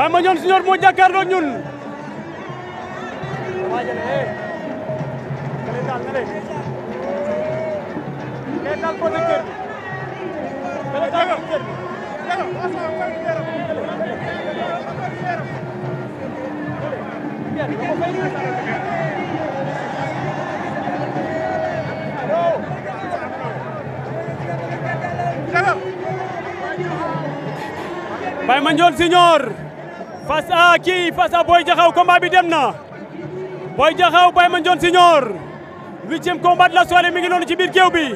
Baye Mandione Junior moo jàkkaarloo ñun Baye Mandione Junior face à kii face à Boy Diakhaw combat bi dem na Boy Diakhaw Baye Mandione Senior huitième combat de la soirée mi ngi noonu ci biir géew bi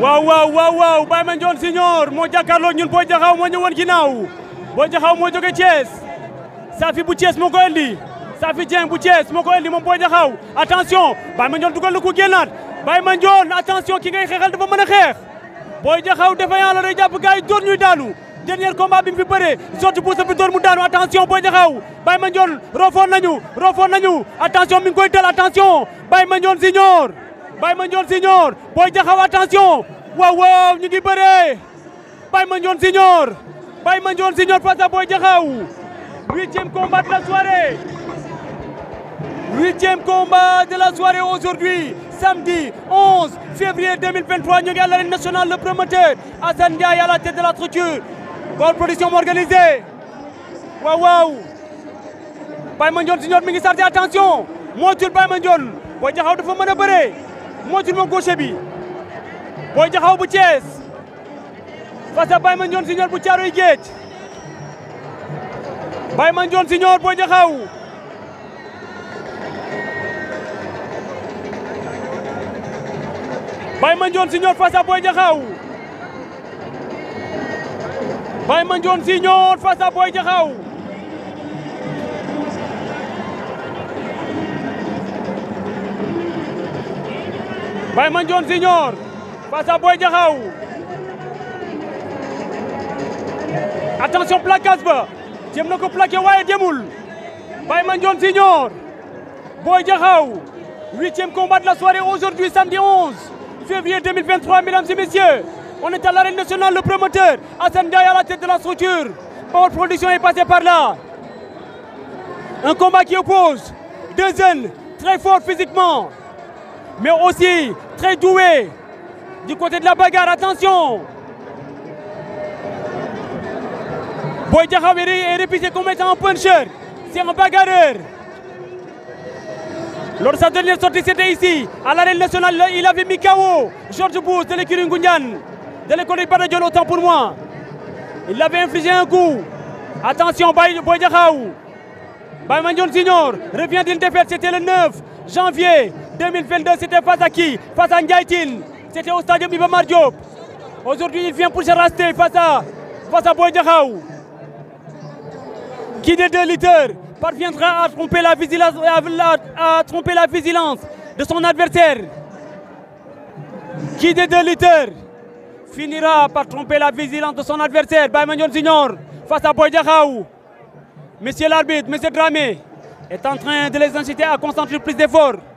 waaw waw waaw waaw Baye Mandione Senior moo jàkkaarloo ñun Boy Diakhaw moo ñëwoon ginnaaw Boy Diakhaw moo jóge Thiès Safi bu Thiès moo ko indi Safi Dieng bu Thiès moo ko indi moom Boy Diakhaw dugal na ko génnaat Baye Mandione attention ki ngay xeexal dafa a xeex Boy Diakhaw dafa yàlla day jàpp gars yi door ñuy daanu dernier combat bi mu fi bëree sotti bu safi door mu daanu attention Boy Diakhaw Baye Mandione rofoon nañu rofoon nañu attention mi ngi koy tël attention Baye Mandione senior Baye Mandione senior Boy Diakhaw attention waaw waaw ñu ngi bëree Baye Mandione senior Baye Mandione senior face à Huitième combat ba la soirée. Huitième combat de la soirée aujourd'hui, samedi 11 février 2023. Nous à le promoteur Hassan Ndiaye à la tête de la structure. Ball production organisée. Waouh, waouh. Baye Mandione Junior mi ngi sarté attention. Moytul Baye Mandione. Boy Jaxaw dafa mën a bëree. Moytul moom gauche bi. Jaxaw bu Thiès. face à Baye Mandione Junior bu Thiaroye Géej. Baye Mandione Senior Boy Diakhao Baye Mandione Senior face à Boy Diakhao Baye Mandione Senior face à Boy Diakhao ma Mandione si face à Boy Diakhao attention plaquage ba jëm na ko plaqué waaye demul Baye Mandione Junior Boy Diakhao huitième combat la soirée aujourd'hui samedi février 2023 mesdames on est à l'arène nationale le promoteur Assane Ndiaye la tête de la structure Power Production est passé par là un combat qui oppose deux jeunes très forts physiquement mais aussi très doués du côté de la bagarre attention Boy Diakhaw est réputé comme étant un puncher, c'est un bagarreur. Lors de sa dernière sortie, c'était ici, à l'arène nationale, il avait mis KO Georges Bouss de l'écurie Ngoundiane, pour moi. Il avait infligé un coup. Attention, Boy Diakhaw. Baye Signor revient d'une défaite, c'était le 9 janvier 2022, c'était face à qui Face à Ndiaïtin, c'était au stadium Ibamar Diop. Aujourd'hui, il vient pour se raster Boy Diakhaw. qui des deux lutteurs parviendra à tromper la vigilance, à, à, à tromper la vigilance de son adversaire finira par tromper la vigilance de son adversaire Baymanion Junior face à Boy Diakhaou Monsieur l'arbitre, Monsieur Dramé est en train de les inciter à concentrer plus d'efforts.